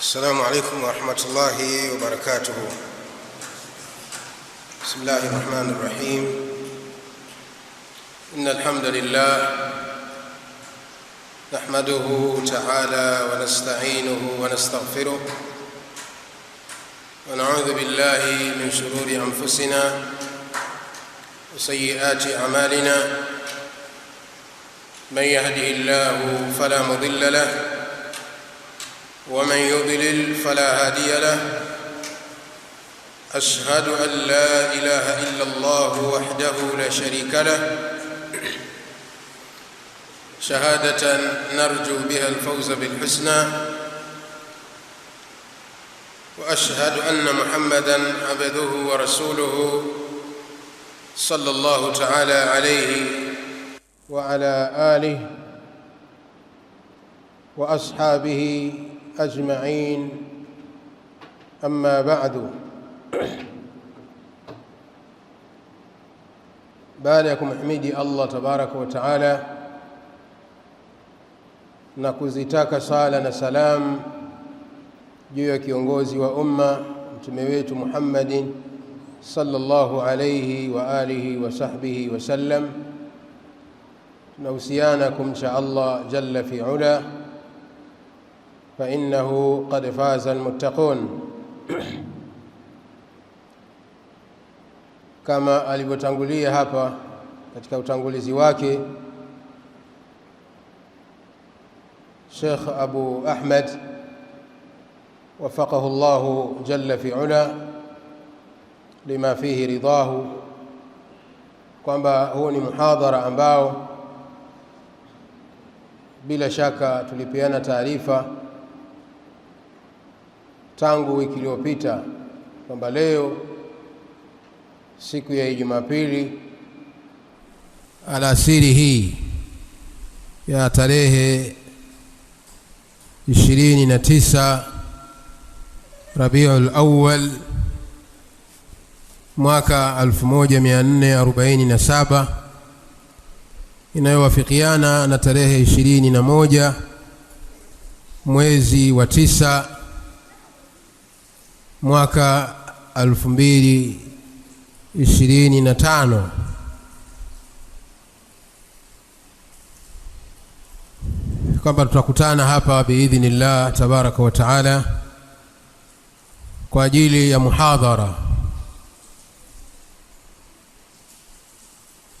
السلام عليكم ورحمة الله وبركاته بسم الله الرحمن الرحيم إن الحمد لله نحمده تعالى ونستعينه ونستغفره ونعوذ بالله من شرور أنفسنا وسيئات أعمالنا من يهده الله فلا مضل له ومن يضلل فلا هادي له أشهد أن لا إله إلا الله وحده لا شريك له شهادة نرجو بها الفوز بالحسنى وأشهد أن محمدًا عبده ورسوله صلى الله تعالى عليه وعلى آله وأصحابه أجمعين أما بعد بعدكم حميد الله تبارك وتعالى نكوزيتاك صالة سلام جيو كيونغوزي وأمة تميويت محمد صلى الله عليه وآله وصحبه وسلم نوسيانكم إن شاء الله جل في علا فإنه قد فاز المتقون kama alivyotangulia hapa katika utangulizi wake Sheikh Abu ahmed wafaqahu Allah jalla fi ula lima fihi ridahu, kwamba huu ni muhadhara ambao bila shaka tulipeana taarifa tangu wiki iliyopita kwamba leo siku ya Jumapili alasiri hii ya tarehe ishirini na tisa Rabiul Awwal mwaka 1447 inayowafikiana na tarehe ishirini na moja mwezi wa tisa mwaka 2025 kwamba tutakutana hapa biidhnillah tabaraka wa taala kwa ajili ya muhadhara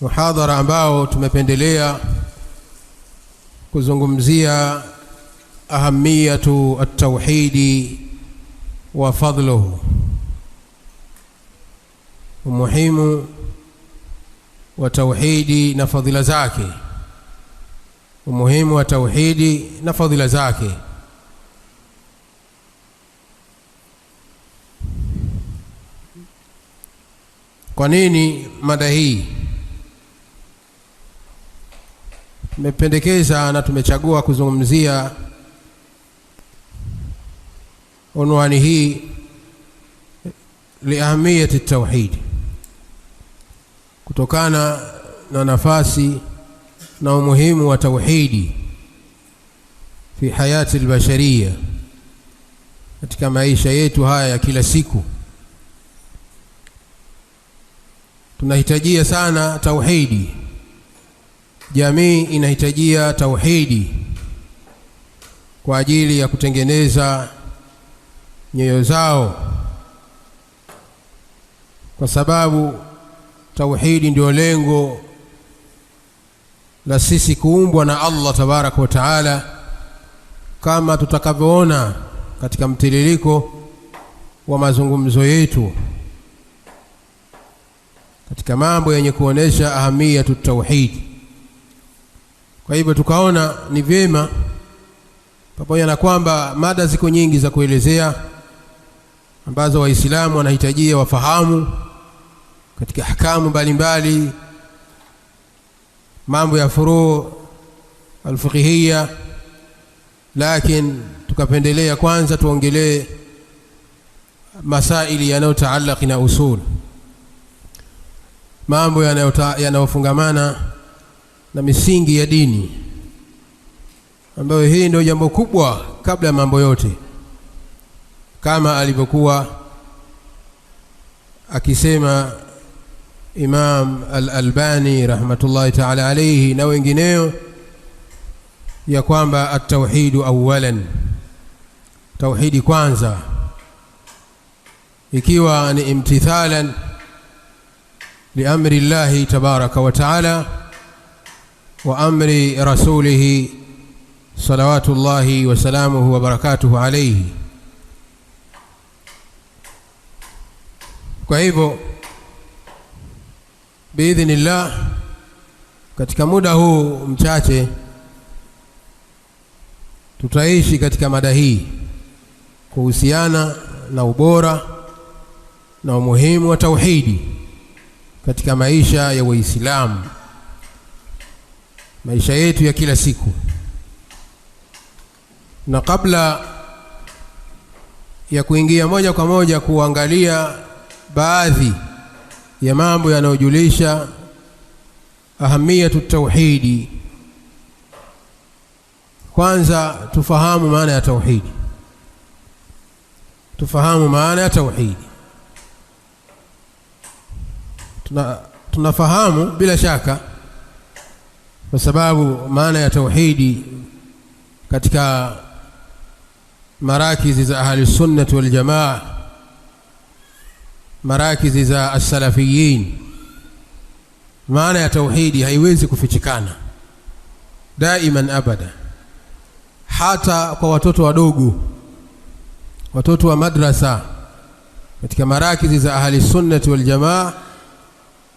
muhadhara ambao tumependelea kuzungumzia ahamiyatu at-tauhidi wa fadluhu, umuhimu wa tauhidi na fadila zake, umuhimu wa tauhidi na fadila zake. Kwa nini mada hii tumependekeza na tumechagua kuzungumzia عنوان هي لأهمية التوحيد kutokana na nafasi na umuhimu wa tauhidi fi hayati albashariya katika maisha yetu haya ya kila siku tunahitajia sana tauhidi jamii inahitajia tauhidi kwa ajili ya kutengeneza nyoyo zao, kwa sababu tauhidi ndio lengo la sisi kuumbwa na Allah tabaraka wa taala, kama tutakavyoona katika mtiririko wa mazungumzo yetu katika mambo yenye kuonesha ahamiyatu tauhidi. Kwa hivyo tukaona ni vyema, pamoja na kwamba mada ziko nyingi za kuelezea ambazo Waislamu wanahitajia wafahamu katika ahkamu mbalimbali, mambo ya furuu alfuqihia lakini tukapendelea kwanza tuongelee masaili yanayotaalaki na usul, mambo yanayofungamana na misingi ya dini, ambayo hii ndio jambo kubwa kabla ya mambo yote kama alivyokuwa akisema Imam Al-Albani rahmatullahi ta'ala alayhi na wengineo ya kwamba at-tauhidu awalan, tauhidi kwanza, ikiwa ni imtithalan liamri llahi tabaraka wa taala wa amri rasulihi salawatullahi wasalamuhu wabarakatuhu alaihi Kwa hivyo biidhnillah, katika muda huu mchache tutaishi katika mada hii kuhusiana na ubora na umuhimu wa tauhidi katika maisha ya Waislamu, maisha yetu ya kila siku. Na kabla ya kuingia moja kwa moja kuangalia baadhi ya mambo yanayojulisha ahamiyatu tauhidi. Kwanza tufahamu maana ya tauhidi, tufahamu maana ya tauhidi. Tuna, tunafahamu bila shaka, kwa sababu maana ya tauhidi katika marakizi za ahli sunnati wal jamaa marakizi za asalafiyin. Maana ya tauhidi haiwezi kufichikana daiman abada, hata kwa watoto wadogo, watoto wa madrasa katika marakizi za ahli sunnati wal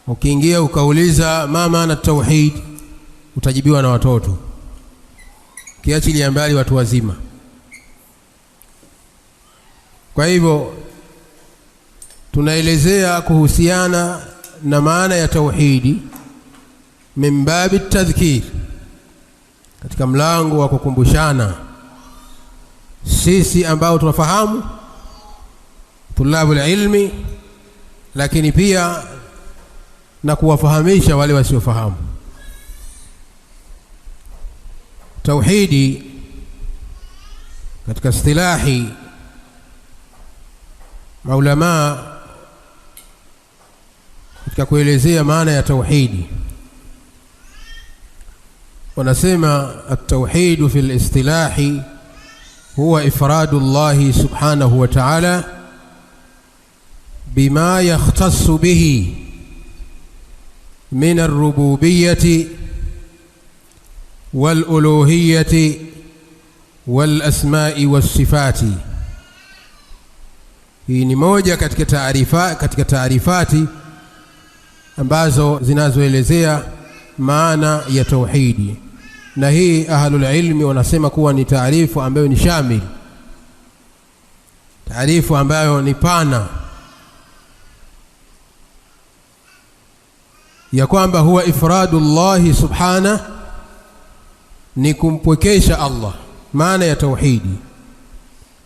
Ukiingia ukauliza mama na tauhid, utajibiwa na watoto, kiachilia mbali watu wazima. Kwa hivyo tunaelezea kuhusiana na maana ya tauhidi min babi tadhkir, katika mlango wa kukumbushana sisi ambao tunafahamu tulabu ilmi, lakini pia na kuwafahamisha wale wasiofahamu tauhidi. Katika istilahi maulamaa katika kuelezea maana ya tauhidi wanasema at-tauhid fi al-istilahi huwa ifradu Allah subhanahu wa ta'ala bima yahtassu bihi min ar-rububiyyati wal-uluhiyyati wal-asma'i was-sifati hii ni moja katika taarifa katika taarifati ambazo zinazoelezea maana ya tauhidi, na hii ahlulilmi wanasema kuwa ni taarifu ambayo ni shamil, taarifu ambayo ni pana ya kwamba huwa ifradu llahi subhana, ni kumpwekesha Allah. Maana ya tauhidi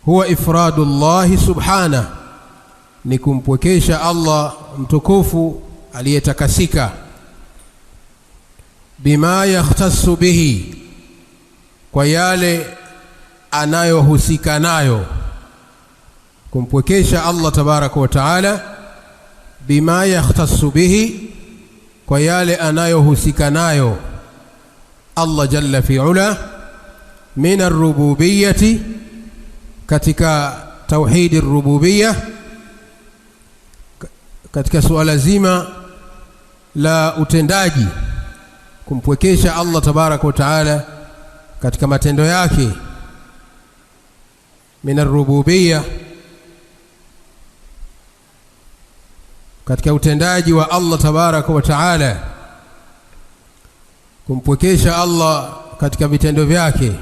huwa ifradu llahi subhana, ni kumpwekesha Allah mtukufu aliyetakasika, bima yahtasu bihi, kwa yale anayohusika nayo, kumpwekesha Allah tabaraka wa taala, bima yahtasu bihi, kwa yale anayohusika nayo Allah jalla fi ula, min arrububiyati, katika tauhidi rububiyya, katika suala zima la utendaji kumpwekesha Allah tabaraka wa taala katika matendo yake min arububia, katika utendaji wa Allah tabaraka wa taala, kumpwekesha Allah katika vitendo vyake,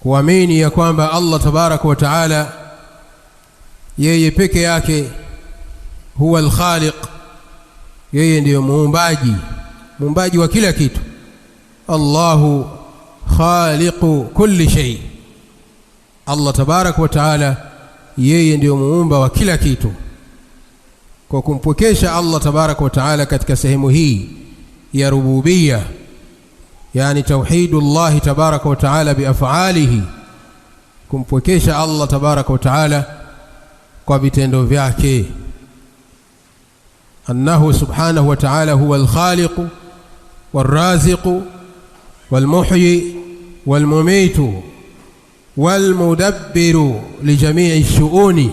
kuamini ya kwamba Allah tabaraka wa taala yeye peke yake huwa alkhaliq yeye ndiyo muumbaji muumbaji wa kila kitu allahu khaliqu kulli shay allah tabaraka wa taala yeye ndiyo muumba wa kila kitu kwa kumpwekesha allah tabaraka wa taala katika sehemu hii ya rububia yani tauhidu llahi tabaraka wa taala biafalihi kumpwekesha allah tabaraka wa taala kwa vitendo vyake أنه سبحانه وتعالى هو الخالق والرازق والمحيي والمميت والمدبر لجميع الشؤون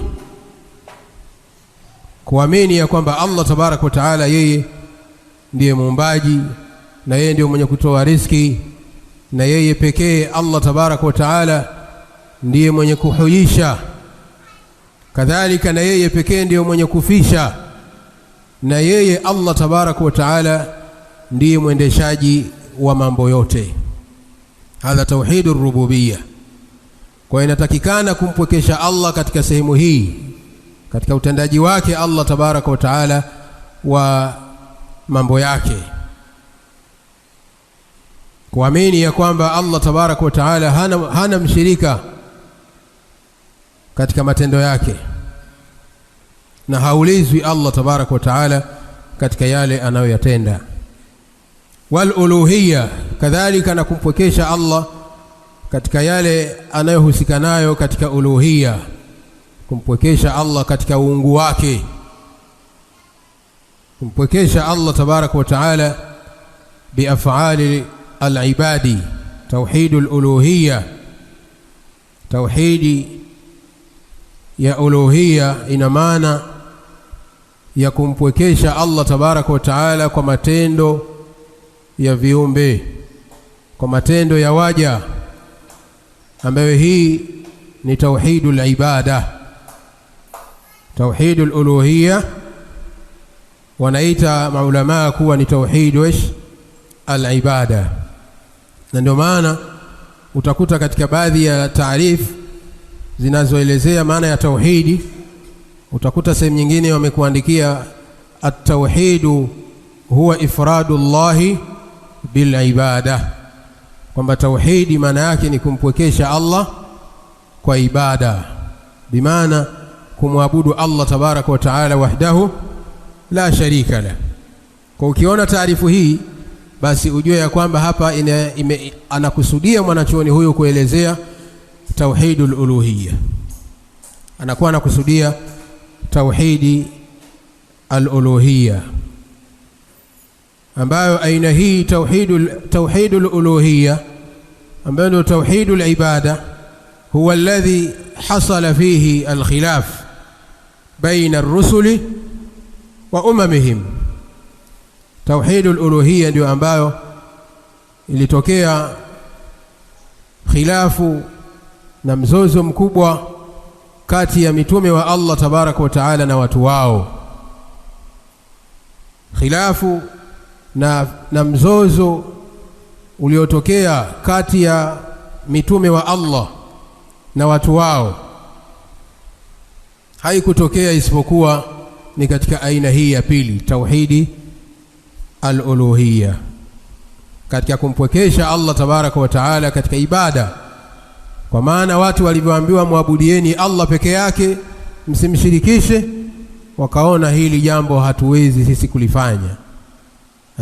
kuamini ya kwamba Allah tabaraka wa taala yeye ndiye muumbaji na yeye ndiye mwenye kutoa riski na yeye pekee Allah tabaraka wa taala ndiye mwenye kuhuisha kadhalika na yeye pekee ndiye mwenye kufisha na yeye Allah tabaraka wa taala ndiye mwendeshaji wa mambo yote. Hadha tauhidu rububiya. Kwa inatakikana kumpwekesha Allah katika sehemu hii, katika utendaji wake Allah tabaraka wa taala wa mambo yake, kuamini ya kwamba Allah tabaraka wa taala hana, hana mshirika katika matendo yake na haulizwi Allah tabaraka wa taala katika yale anayoyatenda. Waluluhiya kadhalika, na kumpwekesha Allah katika yale anayohusika nayo katika uluhiya, kumpwekesha Allah katika uungu wake, kumpwekesha Allah tabaraka wa taala biafali alibadi, tauhidu luluhiya, tauhidi ya uluhiya ina maana ya kumpwekesha Allah tabaraka wa taala kwa matendo ya viumbe, kwa matendo ya waja, ambayo hii ni tauhidul ibada, tauhidul uluhiyya wanaita maulamaa kuwa ni tauhidu al alibada, na ndio maana utakuta katika baadhi ya taarifu zinazoelezea maana ya tauhidi Utakuta sehemu nyingine wamekuandikia at huwa ifradu llahi bil ibada, kwamba tauhidi maana yake ni kumpwekesha Allah kwa ibada, bimaana kumwabudu Allah tabaraka wa taala wahdahu la sharika lah. Kwa ukiona taarifu hii basi ujue ya kwamba hapa ina, ime, anakusudia mwanachuoni huyu kuelezea tauhidul uluhiyya, anakuwa anakusudia tauhidi aluluhiya, ambayo aina hii tauhidu luluhiya ambayo ndio tauhidu libada huwa alladhi hasala fihi alkhilaf baina arrusuli wa umamihim. Tauhidu luluhiya ndio ambayo ilitokea khilafu na mzozo mkubwa kati ya mitume wa Allah tabaraka wa taala na watu wao. Khilafu na, na mzozo uliotokea kati ya mitume wa Allah na watu wao haikutokea isipokuwa ni katika aina hii ya pili, tauhidi al-uluhiyya, katika kumpwekesha Allah tabaraka wa taala katika ibada kwa maana watu walivyoambiwa mwabudieni Allah peke yake, msimshirikishe, wakaona hili jambo hatuwezi sisi kulifanya.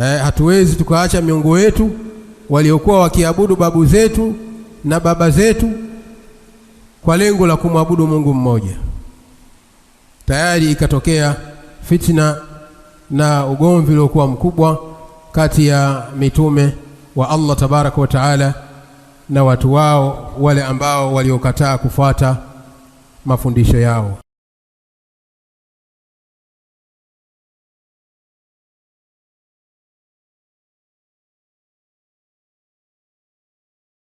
Eh, hatuwezi tukaacha miungu wetu waliokuwa wakiabudu babu zetu na baba zetu kwa lengo la kumwabudu Mungu mmoja. Tayari ikatokea fitina na ugomvi uliokuwa mkubwa kati ya mitume wa Allah tabaraka wa taala na watu wao wale ambao waliokataa kufuata mafundisho yao.